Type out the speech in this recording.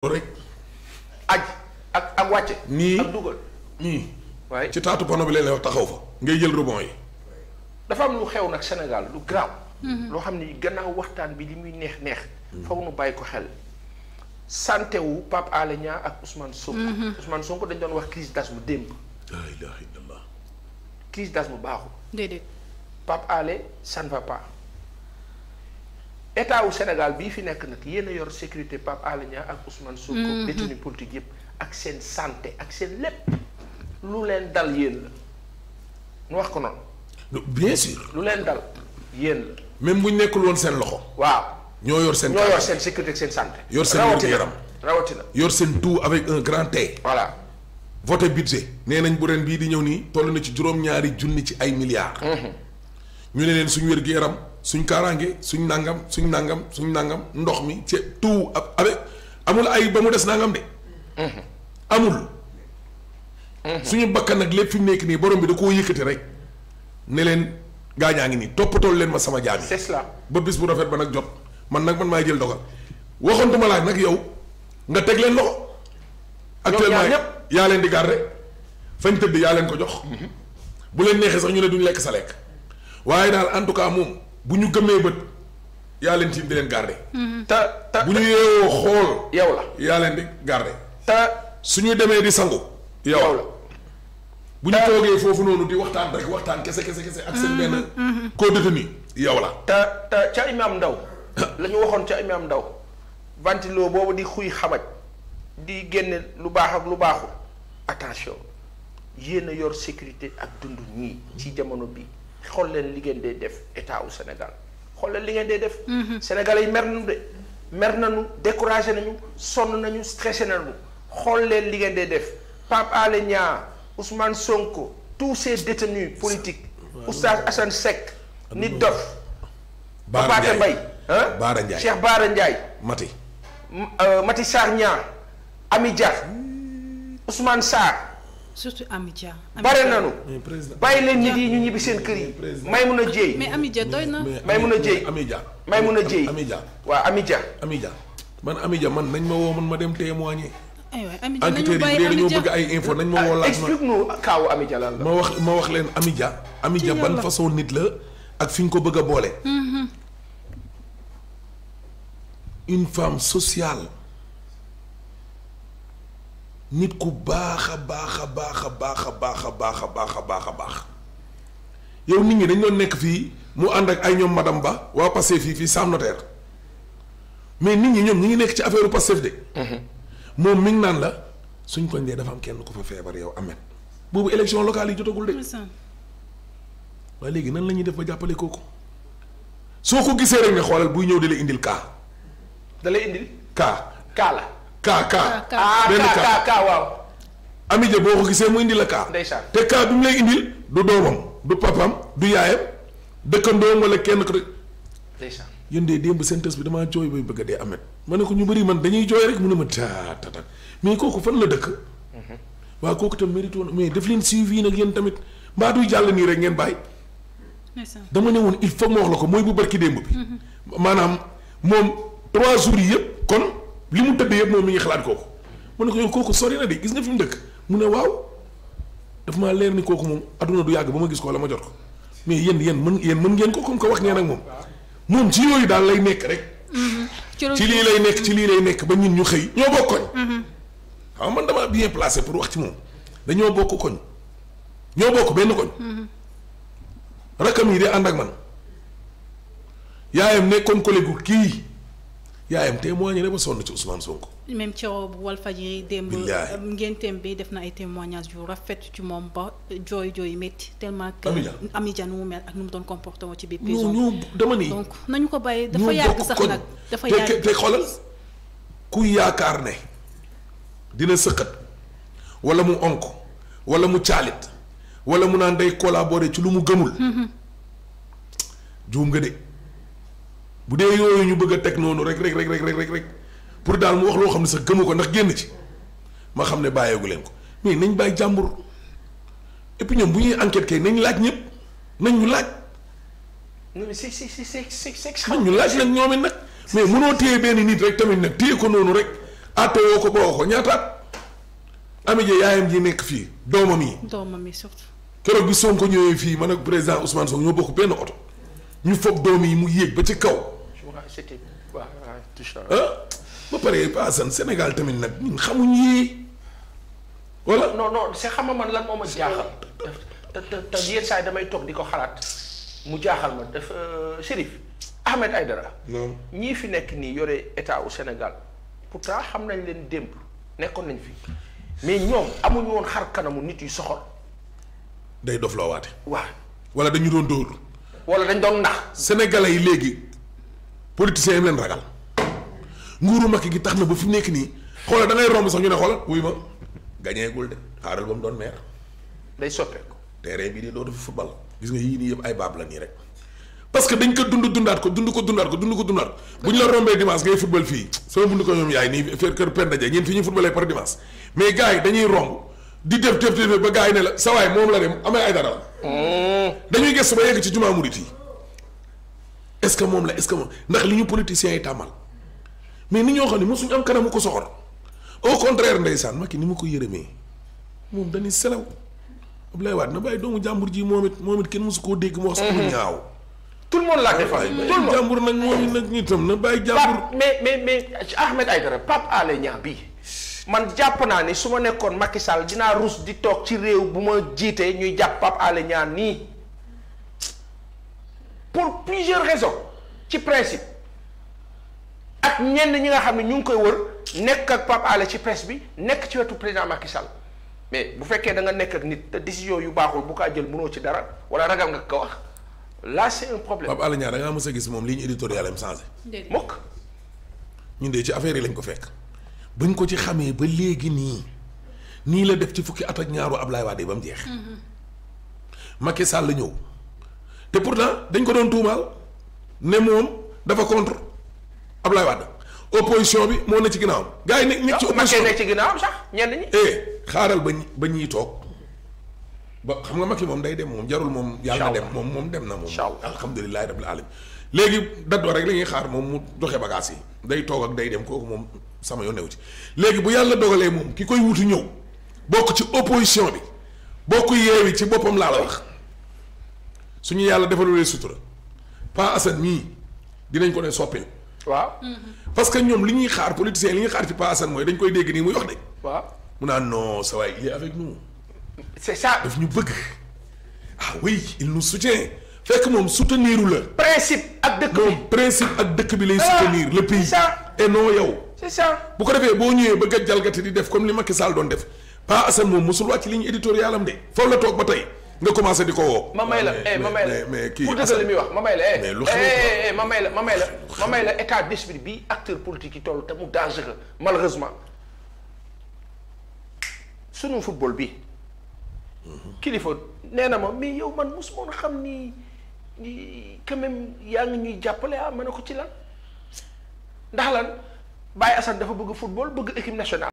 rek aj ak ak wàcce. nii ak dugal waaye ci taatu pono bi leen wax taxaw fa. ngay jël rebond yi. dafa am lu xew nag senegal lu garaaw. Mhm. loo xam ne gannaaw waxtaan bi li muy neex neex. Mhm. faw nu bàyyi ko xel. santé wu Pape Alé Niang ak Ousmane Sonko. Mhm. Ousmane Sonko dañ doon wax crise d'asthme démb. la ilaha illallah. crise d'asthme baaxul. déedéet. Pape Alé état wu Sénégal bii fi nekk nag yéen a yor sécurité Pape Alé Niang ak Ousmane Sonko mm-hmm. détenu politique yëpp ak seen santé ak seen lépp lu leen dal yéen nu wax ko noonu bien sûr lu leen dal yéen la même bu nekkul woon seen loxo waaw ñoo yor seen ñoo yor seen sécurité ak seen santé yor seen wér-gu-yaram rawatina yor seen tout avec un grand T voilà voté budget nee nañ bu ren bii di ñëw nii toll na ci juróom-ñaari junni ci ay milliards mm-hmm. ñu ne leen suñ wér-gu-yaram suñ kaaraange suñ nangam suñ nangam suñ nangam ndox mi ci tout avec amul ay ba mu des nangam de. Mhm. amul. Mhm. suñu bakkan nag lépp fi nekk nii borom bi da koo yëkkati rek ne leen gaañaa ngi nii toppatoo leen ma sama jaam yi. c'est ba bis bu rafet ba nag jot man nag man maay jël dogal waxantuma laaj nag yow nga teg leen loxo. actuellement yaa leen di garder fañ tëdd yaa leen ko jox. Mhm. bu leen neexee sax ñu ne duñ lekk sa lekk waaye daal en tout cas moom. bu ñu gëmee bët yaa leen tiim di leen garder. Mm-hmm. ta ta bu ñu yeewoo xool. yow la yaa leen di garder. ta su ñu demee di sangu. yow la bu ñu toogee foofu noonu di waxtaan rek waxtaan kese kese kese ak seen mm-hmm. benn. koo mm-hmm. détenu yow la. ta ta ca Imaam Ndaw la waxoon ca Imaam Ndaw ventilo boobu di xuy xamaj di génne lu baax ak lu baaxul attention yéen yor sécurité ak dund ñii ci jamono bii. xool leen liggéen ngeen def état wu Sénégal xool leen li ngeen dee def. Mhm. Sénégalais yi mer nañu de mer nañu découragé nañu sonn nañu stressé nañu xool leen li ngeen dee def Pape Alé Niang Ousmane Sonko tous ces détenus politiques. Oustaz Assane Seck. nit dof. Baara Ndiaye Mbay Baara Ndiaye Cheikh Mati. Euh, Mati Sarr Niang Ami Dia hmm. Ousmane surtout Amidia. bare nanu bàyyi leen nit yi ñu ñibbi seen kër yi. may mun a jéy. mais Amidia na. may mun a jéy Amidia. may mun a jéy Amidia. waaw Amidia. Amidia man Amidia man nañ ma woo man ma dem témoigner. aywa Amidia nañu bàyyi enquêteurs yi dañoo bëgg ay info nañ ma ah, woo laaj ma explique nous kaawu Amidia lan la. ma wax ma wax leen Amidia. Amidia ban façon nit la ak fi ñu ko bëgg a boole. Mm-hmm. une femme sociale. nit ku baax a baax a baax a baax a baax a baax a baax a baax a baax yow nit ñi dañ doon nekk fii mu ànd ak ay ñoom madame Ba waa Pastef fii fii Sam Notaire mais nit ñi ñoom ñi ngi nekk ci affaire Pastef de. Mhm. moom mi ngi naan la suñ ko dee dafa am kenn ku fa feebar yow amet boobu élection locale yi jotagul de. waaye léegi nan la ñuy def ba jàppale kooku soo ko gisee rek ne xoolal buy ñëw di la indil kaa. da lay indil kaa kaa la. kaa kaa ah, benn kaa waaw amija boo ko gisee mu indi la kaa te kaa bi mu lay indil du doomam du papam du yaayam dëkkandoom wala kenn ko de yéen de démb seen tës bi damaa jooy bay bëgg a dee amet ma ne ko ñu bari man dañuy jooy rek mu ne ma taatata mais kooku fan la dëkk mhm. waaw kooku tam mérite woon mais daf leen suivi nag yéen tamit mbaa duy jàll nii rek ngeen bàyyi dama ne woon il faut ma wax la ko mooy bu barki démb bi mhm. maanaam moom trois jours yi kon li mu tëdd yëpp moom mi ngi xalaat kooku mu ne ko yow kooku sori na de gis nga fi dëkk mu ne waaw daf maa leer ni kooku moom aduna du yàgg ba ma gis ko wala ma jot ko mais yéen yéen mën yéen mën ngeen ko comme ko wax ngeen ak moom moom ci yooyu daal lay nekk rek. ci lii lay nekk ci lii lay nekk ba ñun ñu xëy ñoo bokk koñ. xam mm-hmm. ah, man dama bien placé pour wax ci moom dañoo bokk koñ ñoo bokk benn koñ. Mm-hmm. rakam yi de ànd ak man yaayam nekkoon collègue kii. yaayam témoigné na ba sonn ci Ousmane Sonko. même Thioro bu Walfadjri démb. Euh, ngénteem bi def na ay témoignages yu rafet ci moom ba jooy jooy métti tellement que. Ami Dia nu mu mel ak nu mu doon comporté woo ci biir prison. ñu dama ni nañu ko bàyyi dafa yàgg sax nag. dafa yàgg te xoolal ku yaakaar ne dina sëqat wala mu onk wala mu caalit wala mu naan day collaborer ci lu mu gëmul. Mm-hmm. juum nga de. bu dee yooyu ñu bëgg a teg noonu rek rek rek rek rek pour daal mu wax loo xam ne sax gëmu ko ndax génn ci ma xam ne bàyyeegu leen ko mais nañ bàyyi jàmbur et ñoom bu ñuy enquête kay nañ laaj ñëpp nañ ñu laaj. non mais c'est c'est c'est nañ ah, ñu laaj nag ñoom it nag. mais mënoo téye benn nit rek tamit nag téye ko noonu rek àttewoo ko boo ko ñaataat. Amady yaayam ji nekk fii doomam yi. doomam yi surtout. keroog bi Sonko ñëwee fii man ak président Ousmane Sonko ñoo bokk benn oto ñu foog doom yi mu yéeg ba ci kaw. c'était waaw waaw ba pare paasan Sénégal tamit nag ñun xamuñ yii wala. non non c'est xam nga man lan moo ma jaaxal. te ta ta yenn saa yi damay toog di ko xalaat mu jaaxal ma dafa euh, Chérif Ahmed Aïdara. non ñii fi nekk nii yore état wu Sénégal pourtant xam nañ leen démb nekkoon nañ fi mais ñoom amuñu woon xar kanamu nit yu soxor. day dof loo waate. waaw wala dañu doon dóor. wala dañ doon nax. sénégalais yi léegi. politiciens yi leen ragal nguuru Macky gi tax na ba fi nekk nii xoolal da ngay romb sax ñu ne xoolal wuy ma gañeegul de xaaral ba mu doon meer. day soppeeku. terrain bii de dootu fi football gis nga yii nii yëpp ay baab la nii rek parce que dañ ko dund dundaat ko dund ko dundaat ko dund ko dundaat bu ñu la rombee dimanche ngay football fii sama bund ko ñoom yaay nii fer kër Penda Ndiaye ñeent fi ñuy footballee par dimanche mais gars yi dañuy romb di def def ba gars la sa moom la dem amee ay dara hmm. dañuy gëstu ba yegg ci jumaa murit yi est-ce que moom la est-ce que moom ndax li ñu politiciens yi tàmmal mais ni ñoo xam ne mosuñu am kanam kanamu ko soxor au contraire ndeysaan Macky ni mu ko yërëmee moom dañuy selaw Abdoulaye Wade na bàyyi doomu jàmbur ji moom it kenn mosu koo dégg mu wax sax mu mhm. ñaaw. tout le monde l'a défendu mais mais mais Ahmed Aïdara Pape Alé Niang bii man jàpp naa ne su ma nekkoon Macky Sall dinaa ruus di toog ci réew bu ma jiitee ñuy jàpp Pape Alé nii. pour plusieurs raisons ci principe ak ñenn ñi nga xam ne ñu ngi koy wër nekk ak Pape Alé ci presse bi nekk ci wetu président Macky Sall mais bu fekkee da nga nekk ak nit te décision yu baaxul bu kaa jël mënoo ci dara wala ragal nga ka wax là c'est un problème. Pape Alé Niang da ngaa mës a gis moom ligne éditoriale am changé. mokk ñun de ci affaire lañ ko fekk bañ ko ci xamee ba léegi nii nii la def ci fukki at ak ñaaru Ablaye Wade ba mu jeex. Mm-hmm. Macky Sall ñëw. te pourtant dañ ko doon tuumaal ne moom dafa contre Ablaye Wade opposition bi moo ne ci ginnaawam. gars yi ne nekk ci ah, opposition bi ne ci ginnaawam eh, xaaral ba ñi ba ñiy toog ba xam nga Macky moom day dem moom jarul moom. yàlla dem moom moom dem na moom. alhamdulilah rabbil alamin léegi dat rek la ñuy xaar moom mu joxe bagages yi day toog ak day dem kooku moom sama yoon newu ci léegi bu yàlla dogalee moom ki koy wutu ñëw bokk ci opposition bi bokk yeewi ci boppam laa la wax. suñu yàlla defalulee sutura Pa Assane mii dinañ ko ne soppil waaw mm-hmm. parce que ñoom li ñuy xaar politiciens li ñuy xaar ci Pa Assane mooy dañ koy dégg nii muy wax de waaw mu naan non sa waay il est avec nous c'est ñu bëgg ah oui il nous soutient fekk moom soutenir la principe ak dëkk bi moom principe ak dëkk bi lay ah, soutenir le pays et non yow c'est bu ko defee boo ñëwee bëgg a jalgati di def comme li Macky saal doon def Pa Assane moom mosul wàcc ligne éditoriale am de foofu la toog ba tey nga commencé di ko woo. ma may la eh, ma may la mais kii. pour dëgg wax ma may la eh. mais lu eh, ma may la ma may la ma la état d'esprit bi acteur politique yi toll te mu dangereux malheureusement sunu football bi. Mhm. kilifa nee na ma mais yow man mosuma woon xam ni quand même yaa ngi ñuy jàppale ah ma ne ko ci lan ndax lan Baye Assane dafa bëgg football bëgg équipe nationale.